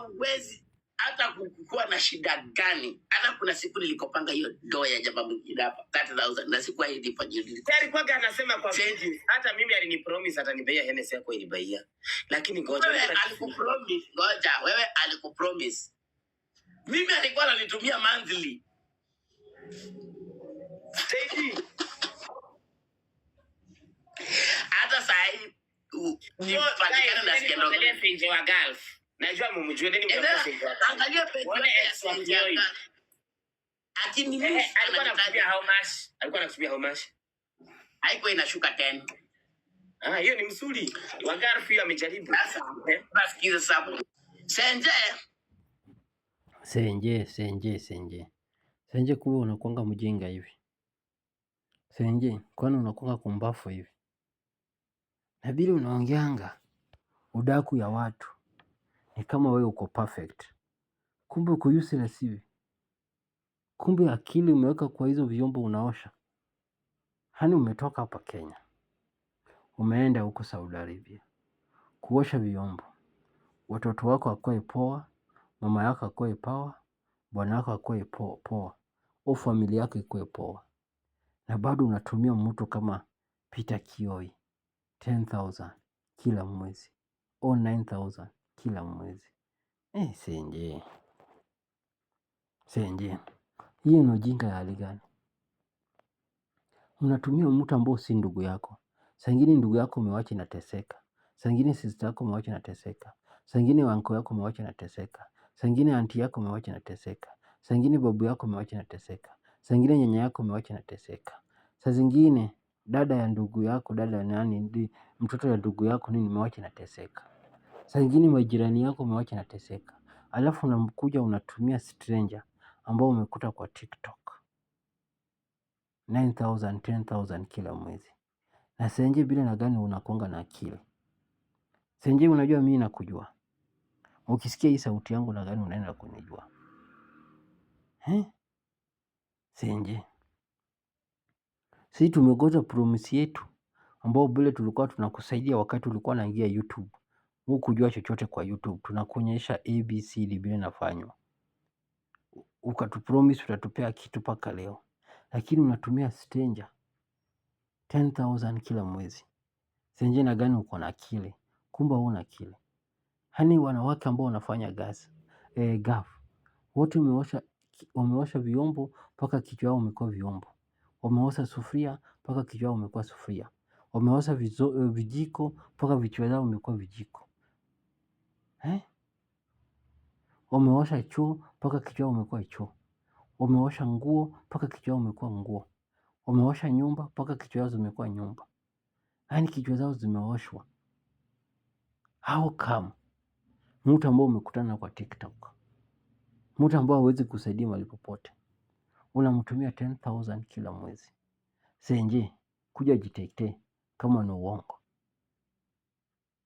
hauwezi hata kukuwa na shida gani. Hata kuna siku nilikopanga hiyo doo ya jamaa mwingine hapa na sikuwa ilikuwaga anasema kwa Benji, hata mimi alinipromise atanibeia henesi yako ilibaia lakini ngoja alikupromise, ngoja wewe alikupromise, mimi alikuwa ananitumia monthly hata sahii patikana nasikia ndogo wa Gulf Najua mumjue nini Angalia ni eh, alikuwa how much? Alikuwa how much? Haiko inashuka 10. Ah, hiyo ni msuri. Wagarfi amejaribu. Sasa, eh? basi kiza Senje. Senje, senje, senje. Senje kuwa unakuanga mjinga hivi. Senje, kwani unakuanga kumbafu hivi? Nabili unaongeanga udaku ya watu ni kama wewe uko perfect, kumbe uko useless hivi. Kumbe akili umeweka kwa hizo vyombo unaosha. Hani umetoka hapa Kenya umeenda huko Saudi Arabia kuosha vyombo, watoto wako akoe poa, mama yako akoe poa, bwana wako akoe poa, au familia yako ikoe poa, na bado unatumia mtu kama Peter Kioi 10000 kila mwezi au 9000 kila mwezi. Eh, senje. Senje. Hiyo ni ujinga ya hali gani? Unatumia mtu ambao si ndugu yako. Saa ndugu yako umewacha inateseka. Saa ingine sister yako umewacha inateseka. Saa ingine wanko yako umewacha inateseka. Saa ingine anti yako umewacha inateseka. Saa ingine babu yako umewacha inateseka. Saa ingine nyanya yako umewacha inateseka. Saa zingine dada ya ndugu yako, dada ya nani, mtoto ya ndugu yako nini umewacha inateseka. Saa ingine majirani yako umewacha nateseka, Alafu unamkuja unatumia stranger ambao umekuta kwa TikTok. 9,000, 10,000 kila mwezi. Na senje bila na gani unakonga na akili. senje. unajua mimi nakujua. Ukisikia hii sauti yangu na gani unaenda kunijua. He? Senje, Sisi tumegoza promise yetu ambao bila tulikuwa tunakusaidia wakati ulikuwa unaingia YouTube hukujua chochote kwa YouTube, tunakuonyesha ABCD vile inafanywa, ukatupromise utatupea kitu mpaka leo, lakini unatumia Stenja 10,000 kila mwezi. Stenja na gani? Uko na akili? Kumbe una akili. Hani wanawake ambao wanafanya gas e, eh, gaf wote wameosha wameosha vyombo mpaka kichwa yao umekuwa vyombo, wameosha sufuria mpaka kichwa yao umekuwa sufuria, wameosha eh, vijiko mpaka vichwa yao umekuwa vijiko. Eh? Wameosha choo mpaka kichwa umekuwa choo. Wameosha nguo mpaka kichwa umekuwa nguo. Wameosha nyumba mpaka kichwa zao zimekuwa nyumba. Yaani kichwa zao zimeoshwa. How come? Mtu ambao umekutana kwa TikTok. Mtu ambao hawezi kusaidia mahali popote. Unamtumia 10,000 kila mwezi. Senje, kuja jitetee kama ni uongo.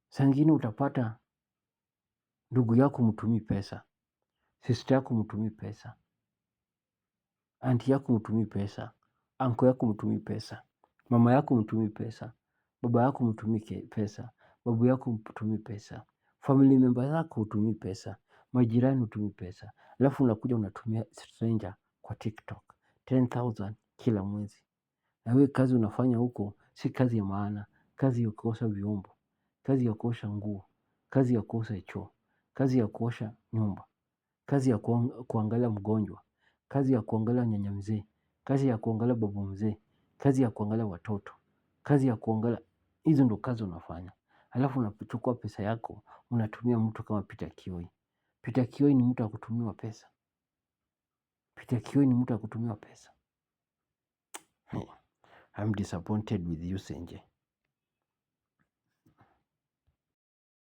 sangine utapata Ndugu yako mtumii pesa, sister yako mtumii pesa, anti yako mtumii pesa, anko yako mtumii pesa, mama yako mtumii pesa, baba yako mtumii pesa, babu yako mtumii pesa, family member zako utumii pesa, majirani utumii pesa, alafu unakuja unatumia stranger kwa TikTok 10,000 kila mwezi, na wewe kazi unafanya huko si kazi ya maana, kazi ya kuosha vyombo, kazi ya kuosha nguo, kazi ya kuosha choo kazi ya kuosha nyumba, kazi ya kuangalia mgonjwa, kazi ya kuangalia nyanya mzee, kazi ya kuangalia babu mzee, kazi ya kuangalia watoto, kazi ya kuangalia. Hizo ndo kazi unafanya, alafu unachukua pesa yako unatumia mtu kama Peter Kioi. Peter Kioi ni mtu kutumiwa pesa. Peter Kioi ni mtu kutumiwa pesa. I'm disappointed with you Senje.